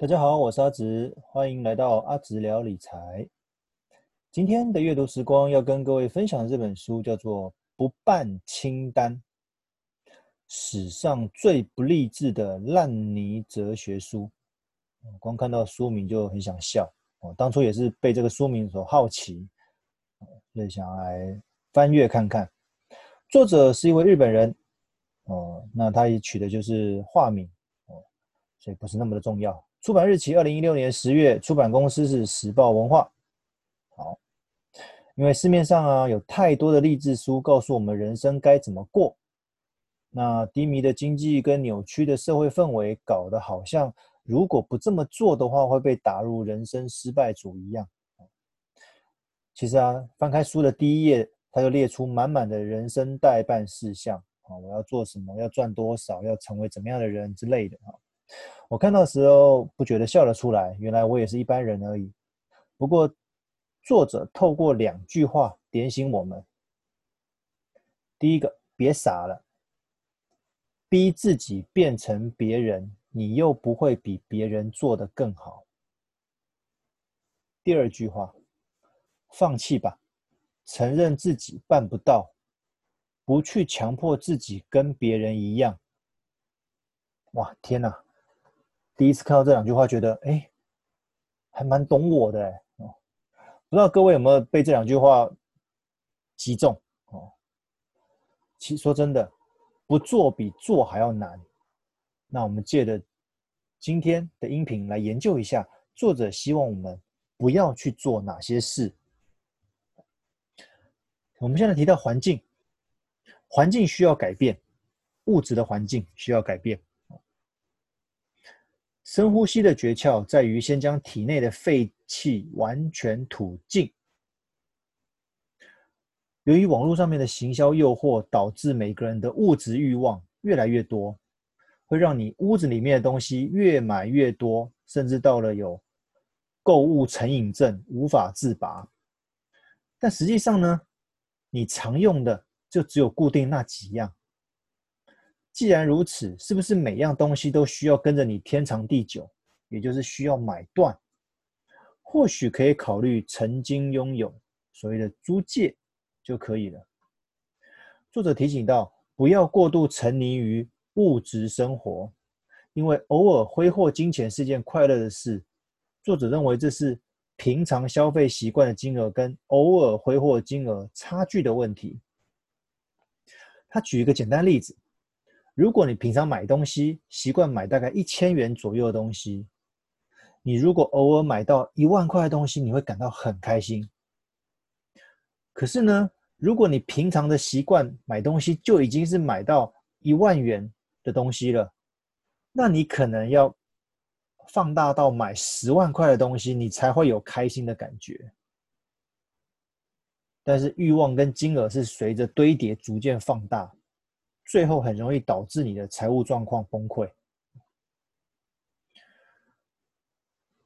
大家好，我是阿直，歡迎來到阿直聊理財。今天的閱讀時光要跟各位分享的這本書叫做《不辦清單》，史上最不勵志的爛泥哲學書。光看到書名就很想笑。我當初也是被這個書名所好奇，所以想來翻閱看看。作者是一位日本人，哦，那他也取的就是化名，哦，所以不是那麼的重要。出版日期二零一六年十月，出版公司是時報文化。好，因為市面上啊有太多的勵志書告訴我們人生該怎麼過。那低迷的經濟跟扭曲的社會氛圍，搞得好像如果不這麼做的話，會被打入人生失敗組一樣。其實啊，翻開書的第一頁，它就列出滿滿的人生待辦事項啊，我要做什麼，要賺多少，要成為怎麼樣的人之類的啊。我看到的時候不覺得笑了出來，原來我也是一般人而已。不過作者透過兩句話點醒我們：第一個，別傻了，逼自己變成別人，你又不會比別人做得更好。第二句話，放棄吧，承認自己辦不到，不去強迫自己跟別人一樣。哇，天哪！第一次看到這兩句話，覺得哎，還蠻懂我的哦。不知道各位有沒有被這兩句話擊中哦？其說真的，不做比做還要難。那我們借著今天的音頻來研究一下，作者希望我們不要去做哪些事。我們現在提到環境，環境需要改變，物質的環境需要改變。深呼吸的訣竅在於，先將體內的廢氣完全吐盡。由於網絡上面的行銷誘惑，導致每個人的物質欲望越來越多，會讓你屋子裡面的東西越買越多，甚至到了有購物成癮症，無法自拔。但實際上呢，你常用的就只有固定那幾樣。既然如此，是不是每樣東西都需要跟着你天長地久，也就是需要買斷？或許可以考慮曾經擁有，所謂的租借就可以了。作者提醒道，不要過度沉迷於物質生活，因為偶爾揮霍金錢是件快樂的事。作者認為這是平常消費習慣的金額跟偶爾揮霍金額差距的問題。他舉一個簡單例子。如果你平常買東西習慣買大概一千元左右的東西，你如果偶爾買到一萬塊的東西，你會感到很開心。可是呢，如果你平常的習慣買東西就已經是買到一萬元的東西了，那你可能要放大到買十萬塊的東西，你才會有開心的感覺。但是慾望跟金額是隨着堆疊逐漸放大。最後很容易導致你的財務狀況崩潰。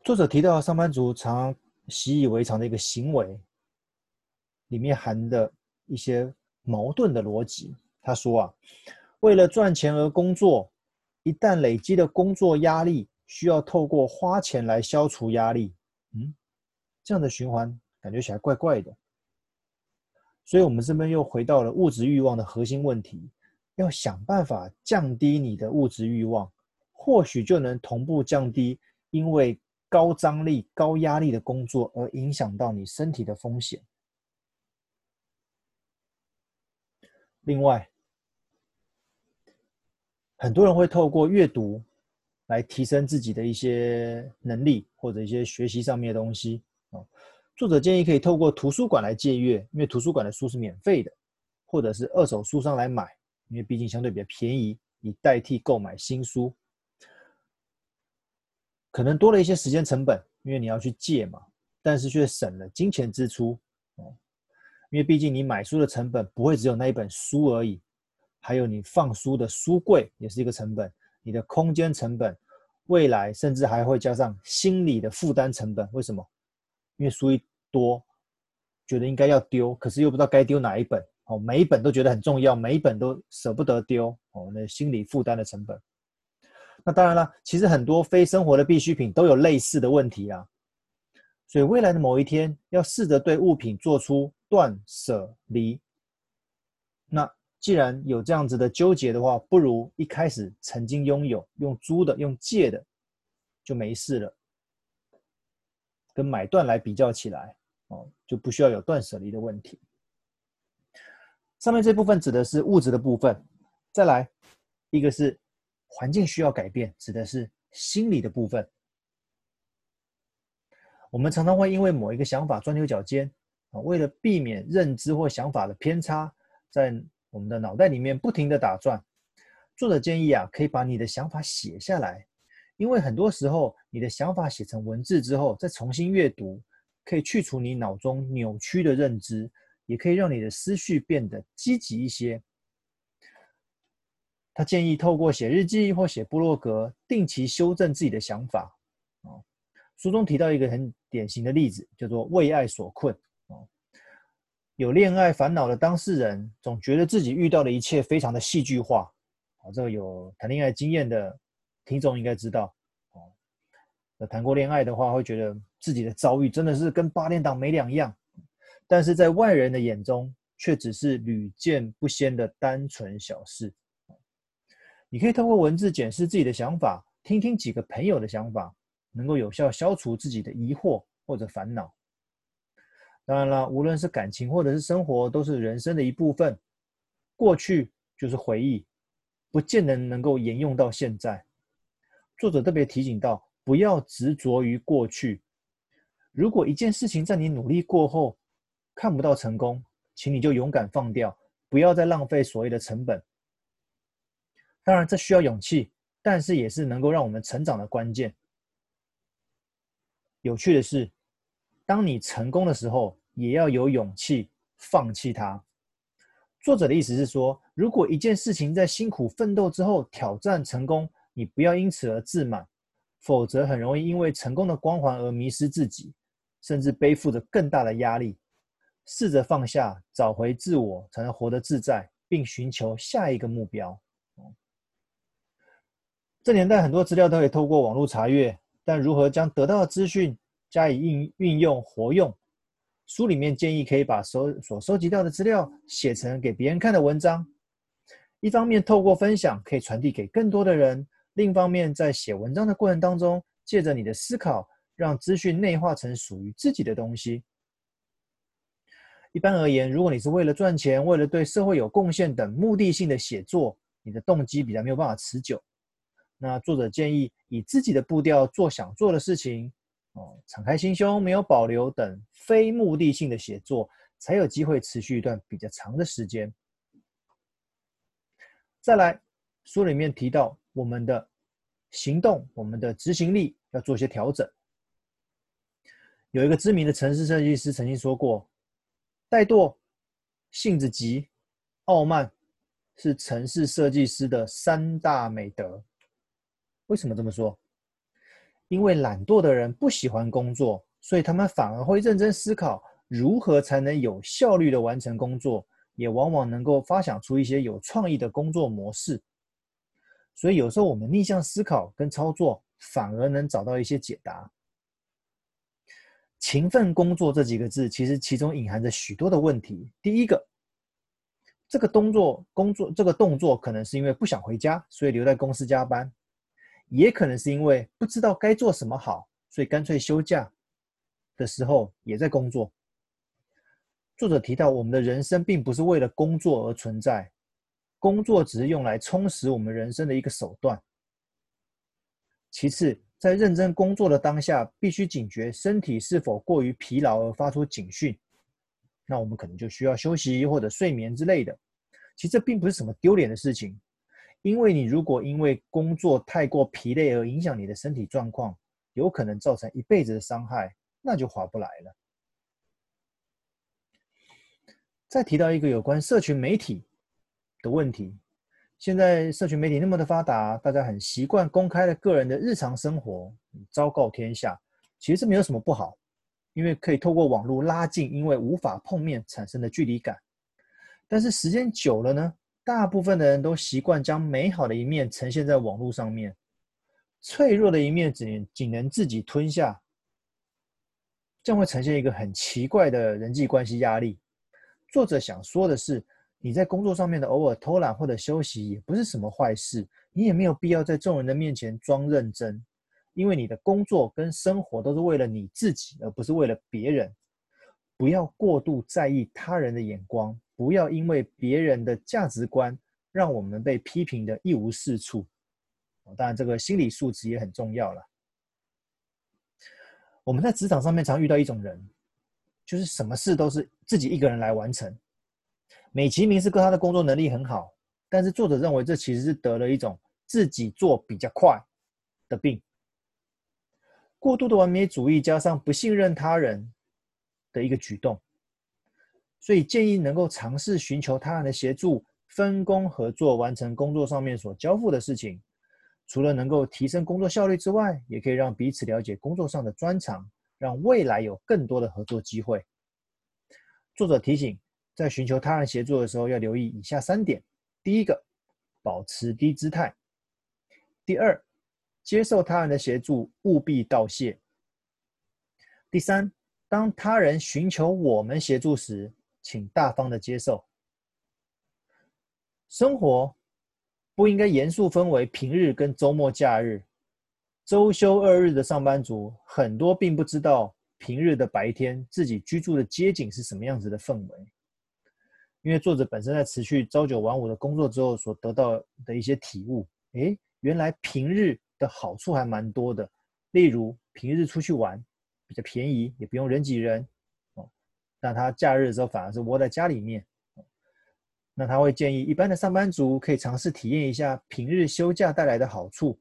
作者提到，上班族常習以為常的一個行為，裡面含的一些矛盾的邏輯。他說啊，為了賺錢而工作，一旦累積的工作壓力，需要透過花錢來消除壓力。嗯，這樣的循環感覺起來怪怪的。所以，我們這邊又回到了物質慾望的核心問題。要想辦法降低你的物質慾望，或許就能同步降低因為高張力、高壓力的工作而影響到你身體的風險。另外，很多人會透過閱讀來提升自己的一些能力，或者一些學習上面的東西啊、哦。作者建議可以透過圖書館來借閱，因為圖書館的書是免費的，或者是二手書商來買。因為畢竟相對比較便宜，以代替購買新書，可能多了一些時間成本，因為你要去借嘛，但是卻省了金錢支出，哦、嗯，因為畢竟你買書的成本不會只有那一本書而已，還有你放書的書櫃也是一個成本，你的空間成本，未來甚至還會加上心理的負擔成本。為什麼？因為書一多，覺得應該要丟，可是又不知道該丟哪一本。哦，每一本都覺得很重要，每一本都捨不得丟。我們、哦、的心理負擔的成本。那當然了，其實很多非生活的必需品都有類似的問題啊。所以未來的某一天，要試着對物品做出斷捨離。那既然有這樣子的糾結的話，不如一開始曾經擁有用租的、用借的，就沒事了。跟買斷來比較起來，哦，就不需要有斷舍離的問題。上面這部分指的是物質的部分，再來，一個是環境需要改變，指的是心理的部分。我們常常會因為某一個想法鑽牛角尖啊，為了避免認知或想法的偏差，在我們的腦袋裡面不停的打轉。作者建議啊，可以把你的想法寫下來，因為很多時候你的想法寫成文字之後，再重新閱讀，可以去除你腦中扭曲的認知。也可以讓你的思緒變得積極一些。他建議透過寫日記或寫部落格，定期修正自己的想法。哦，書中提到一個很典型的例子，叫做“為愛所困”。哦，有戀愛煩惱的當事人，總覺得自己遇到的一切非常的戲劇化。哦，這個有談戀愛經驗的聽眾應該知道。哦，有談過戀愛的話，會覺得自己的遭遇真的是跟八點檔沒兩樣，但是在外人的眼中，卻只是屢見不鮮的單純小事。你可以通過文字檢視自己的想法，聽聽幾個朋友的想法，能夠有效消除自己的疑惑或者煩惱。當然了，無論是感情或者是生活，都是人生的一部分。過去就是回憶，不見得能夠沿用到現在。作者特別提醒道，不要執着於過去。如果一件事情在你努力過後，看不到成功，請你就勇敢放掉，不要再浪費所謂的成本。當然，這需要勇氣，但是也是能夠讓我們成長的關鍵。有趣的是，當你成功的時候，也要有勇氣放棄它。作者的意思是說，如果一件事情在辛苦奮鬥之後挑戰成功，你不要因此而自滿，否則很容易因為成功的光環而迷失自己，甚至背負着更大的壓力。試着放下，找回自我，才能活得自在，並尋求下一個目標。這年代很多資料都可以透過網絡查閱，但如何將得到的資訊加以應運用活用？書裡面建議可以把收所，所收集到的資料寫成給別人看的文章。一方面透過分享可以傳遞給更多的人，另一方面在寫文章的過程當中，借着你的思考，讓資訊內化成屬於自己的東西。一般而言，如果你是為了賺錢、為了對社會有貢獻等目的性的寫作，你的動機比較沒有辦法持久。那作者建議以自己的步調做想做的事情，哦，敞開心胸、沒有保留等非目的性的寫作，才有機會持續一段比較長的時間。再來，書裡面提到我們的行動、我們的執行力要做一些調整。有一個知名的城市設計師曾經說過。怠惰、性子急、傲慢，是程式設計師的三大美德。為什麼這麼說？因為懶惰的人不喜歡工作，所以他們反而會認真思考如何才能有效率的完成工作，也往往能夠發想出一些有創意的工作模式。所以有時候我們逆向思考跟操作，反而能找到一些解答。勤奮工作這幾個字，其實其中隱含着許多的問題。第一個，這個動作，工作，這個動作，可能是因為不想回家，所以留在公司加班，也可能是因為不知道該做什麼好，所以乾脆休假的時候也在工作。作者提到，我們的人生並不是為了工作而存在，工作只是用來充實我們人生的一個手段。其次，在認真工作的當下，必須警覺身體是否過於疲勞而發出警訊。那我們可能就需要休息或者睡眠之類的。其實這並不是什麼丟臉的事情，因為你如果因為工作太過疲累而影響你的身體狀況，有可能造成一輩子的傷害，那就划不來了。再提到一個有關社群媒體的問題。現在社群媒體那麼的發達，大家很習慣公開了個人的日常生活，昭告天下。其實沒有什麼不好，因為可以透過網絡拉近，因為無法碰面產生的距離感。但是時間久了呢，大部分的人都習慣將美好的一面呈現在網絡上面，脆弱的一面僅僅能自己吞下，將會呈現一個很奇怪的人際關係壓力。作者想說的是。你在工作上面的偶爾偷懶或者休息也不是什麼壞事，你也沒有必要在眾人的面前裝認真，因為你的工作跟生活都是為了你自己，而不是為了別人。不要過度在意他人的眼光，不要因為別人的價值觀讓我們被批評得一無是處。當然，這個心理素質也很重要了。我們在職場上面常遇到一種人，就是什麼事都是自己一個人來完成。美其名是跟他的工作能力很好，但是作者認為這其實是得了一種自己做比較快的病，過度的完美主義加上不信任他人的一個舉動，所以建議能夠嘗試尋求他人的協助，分工合作完成工作上面所交付的事情。除了能夠提升工作效率之外，也可以讓彼此了解工作上的專長，讓未來有更多的合作機會。作者提醒，在尋求他人協助的時候，要留意以下三點：第一個，保持低姿態；第二，接受他人的協助，務必道謝；第三，當他人尋求我們協助時，請大方的接受。生活不應該嚴肅分為平日跟週末假日。周休二日的上班族很多，並不知道平日的白天自己居住的街景是什麼樣子的氛圍。因為作者本身在持續朝九晚五的工作之後所得到的一些體悟，誒，原來平日的好處還蠻多的，例如平日出去玩比較便宜，也不用人擠人，哦，那他假日的時候反而是窩在家裡面，那他會建議一般的上班族可以嘗試體驗一下平日休假帶來的好處，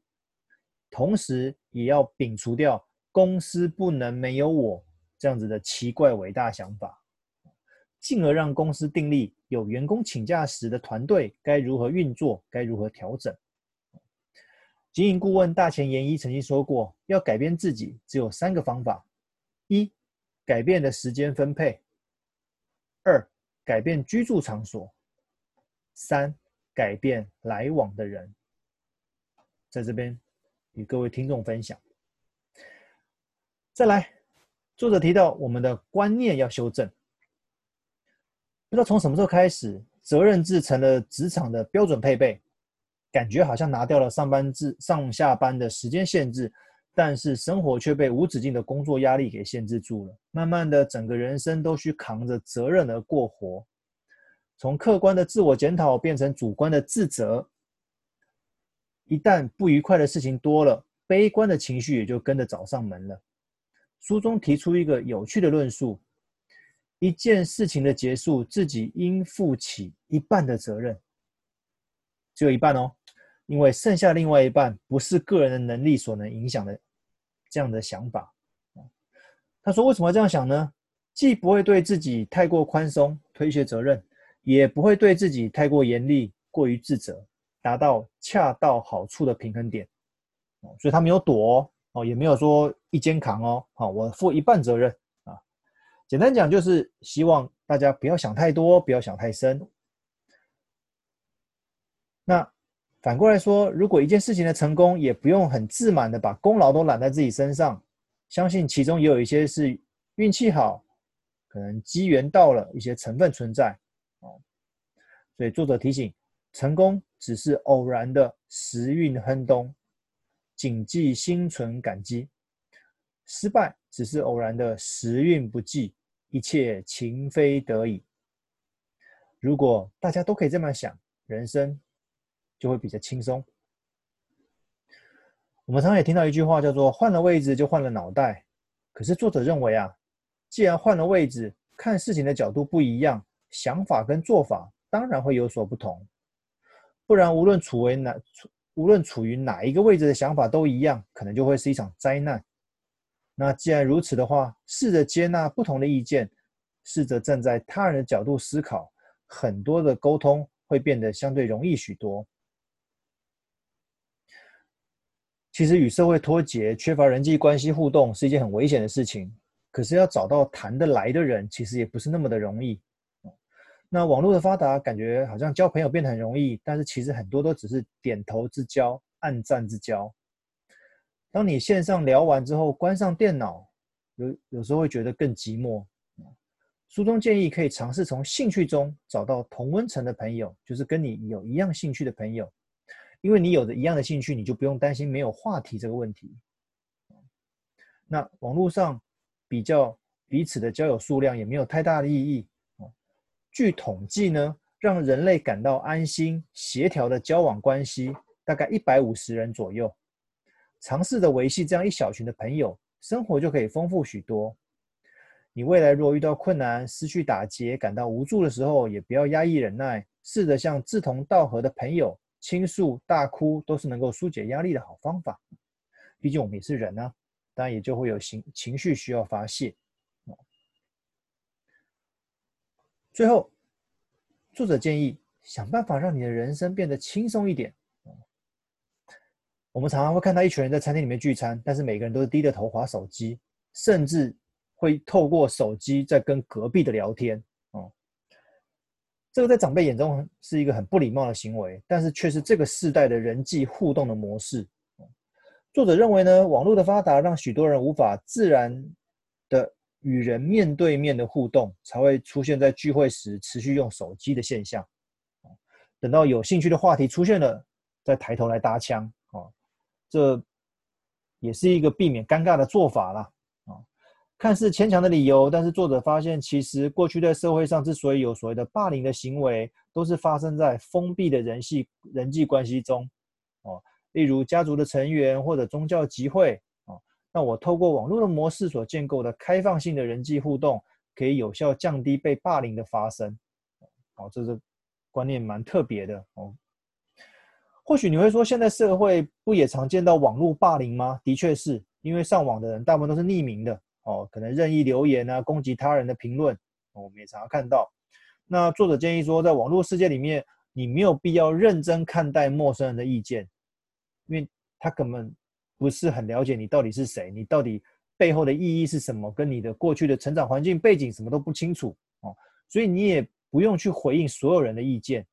同時也要摒除掉公司不能沒有我這樣子的奇怪偉大想法。進而讓公司訂立有員工請假時的團隊該如何運作，該如何調整。經營顧問大前研一曾經說過，要改變自己只有三個方法：一、改變的時間分配；二、改變居住場所；三、改變來往的人。在這邊與各位聽眾分享。再來，作者提到我們的觀念要修正。不知道從什麼時候開始，責任制成了職場的標準配備，感覺好像拿掉了上班制上下班的時間限制，但是生活卻被無止境的工作壓力給限制住了。慢慢的，整個人生都需扛着責任而過活，從客觀的自我檢討變成主觀的自責。一旦不愉快的事情多了，悲觀的情緒也就跟着找上門了。書中提出一個有趣的論述。一件事情的結束，自己應負起一半的責任，只有一半哦，因為剩下另外一半不是個人的能力所能影響的，這樣的想法。他說：“為什麼要這樣想呢？既不會對自己太過寬鬆，推卸責任，也不會對自己太過嚴厲，過於自責，達到恰到好處的平衡點。哦，所以他沒有躲哦，也沒有說一肩扛哦，好，我負一半責任。”簡單講，就是希望大家不要想太多，不要想太深。那反過來說，如果一件事情的成功，也不用很自滿的把功勞都攬在自己身上，相信其中也有一些是運氣好，可能機緣到了，一些成分存在。啊，所以作者提醒：成功只是偶然的時運亨通，謹記心存感激；失敗只是偶然的時運不濟。一切情非得已。如果大家都可以這麼想，人生就會比較輕鬆。我們常常也聽到一句話，叫做“換了位置就換了腦袋”。可是作者認為啊，既然換了位置，看事情的角度不一樣，想法跟做法當然會有所不同。不然，無論處為哪處，無論處於哪一個位置的想法都一樣，可能就會是一場災難。那既然如此的話，試着接納不同的意見，試着站在他人的角度思考，很多的溝通會變得相對容易許多。其實與社會脫節、缺乏人際關係互動是一件很危險的事情。可是要找到談得來的人，其實也不是那麼的容易。那網絡的發達，感覺好像交朋友變得很容易，但是其實很多都只是點頭之交、按讚之交。當你線上聊完之後，關上電腦，有有時候會覺得更寂寞。書中建議可以嘗試從興趣中找到同溫層的朋友，就是跟你有一樣興趣的朋友，因為你有著一樣的興趣，你就不用擔心沒有話題這個問題。那網絡上比較彼此的交友數量也沒有太大的意義。據統計呢，讓人類感到安心協調的交往關係大概一百五十人左右。嘗試着維繫這樣一小群的朋友，生活就可以豐富許多。你未來若遇到困難、失去打擊、感到無助的時候，也不要壓抑忍耐，試着向志同道合的朋友傾訴、大哭，都是能夠紓解壓力的好方法。畢竟我們也是人啊，當然也就會有情情緒需要發洩。嗯。最後，作者建議想辦法讓你的人生變得輕鬆一點。我們常常會看到一群人在餐廳裡面聚餐，但是每個人都是低着頭滑手機，甚至會透過手機在跟隔壁的聊天。哦，這個在長輩眼中是一個很不禮貌的行為，但是卻是這個世代的人際互動的模式。作者認為呢，網絡的發達讓許多人無法自然的與人面對面的互動，才會出現在聚會時持續用手機的現象。等到有興趣的話題出現了，再抬頭來搭腔。這也是一個避免尷尬的做法了啊，看似牽強的理由，但是作者發現，其實過去在社會上之所以有所謂的霸凌的行為，都是發生在封閉的人系人際關係中哦，例如家族的成員或者宗教集會哦，那我透過網絡的模式所建構的開放性的人際互動，可以有效降低被霸凌的發生哦，這個觀念蠻特別的哦。或許你會說，現在社會不也常見到網絡霸凌嗎？的確是因為上網的人大部分都是匿名的哦，可能任意留言啊，攻擊他人的評論，哦，我們也常常看到。那作者建議說，在網絡世界裡面，你沒有必要認真看待陌生人的意見，因為他根本不是很了解你到底是誰，你到底背後的意義是什麼，跟你的過去的成長環境背景什麼都不清楚哦，所以你也不用去回應所有人的意見。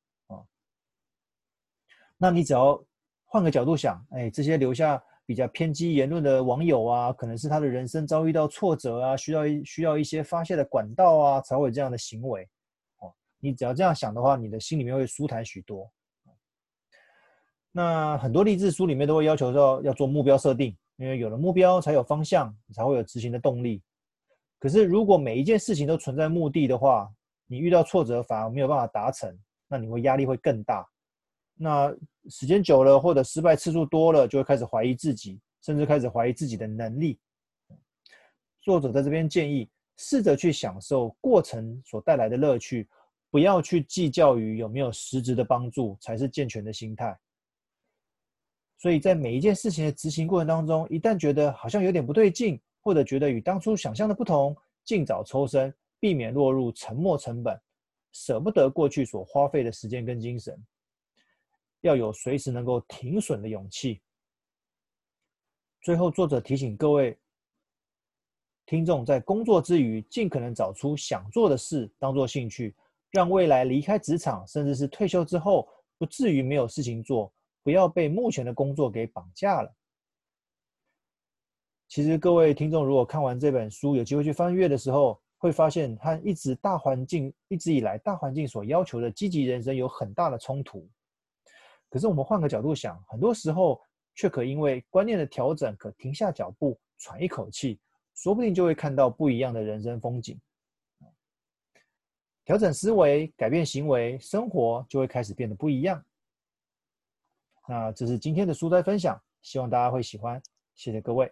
那你只要換個角度想，哎，這些留下比較偏激言論的網友啊，可能是他的人生遭遇到挫折啊，需要需要一些發洩的管道啊，才會有這樣的行為。哦，你只要這樣想的話，你的心裡面會舒坦許多。那很多勵志書裡面都會要求說，要做目標設定，因為有了目標才有方向，才會有執行的動力。可是如果每一件事情都存在目的的話，你遇到挫折反而沒有辦法達成，那你會壓力會更大。那時間久了，或者失敗次數多了，就會開始懷疑自己，甚至開始懷疑自己的能力。作者在這邊建議，試着去享受過程所帶來的樂趣，不要去計較於有沒有實質的幫助，才是健全的心態。所以在每一件事情的執行過程當中，一旦覺得好像有點不對勁，或者覺得與當初想象的不同，盡早抽身，避免落入沉沒成本，捨不得過去所花費的時間跟精神。要有隨時能夠停損的勇氣。最後，作者提醒各位聽眾，在工作之餘，盡可能找出想做的事當做興趣，讓未來離開職場，甚至是退休之後，不至於沒有事情做，不要被目前的工作給綁架了。其實，各位聽眾如果看完這本書，有機會去翻閱的時候，會發現他一直大環境一直以來大環境所要求的積極人生有很大的衝突。可是我們換個角度想，很多時候卻可因為觀念的調整，可停下腳步，喘一口氣，說不定就會看到不一樣的人生風景。調整思維，改變行為，生活就會開始變得不一樣。那這是今天的書齋分享，希望大家會喜歡，謝謝各位。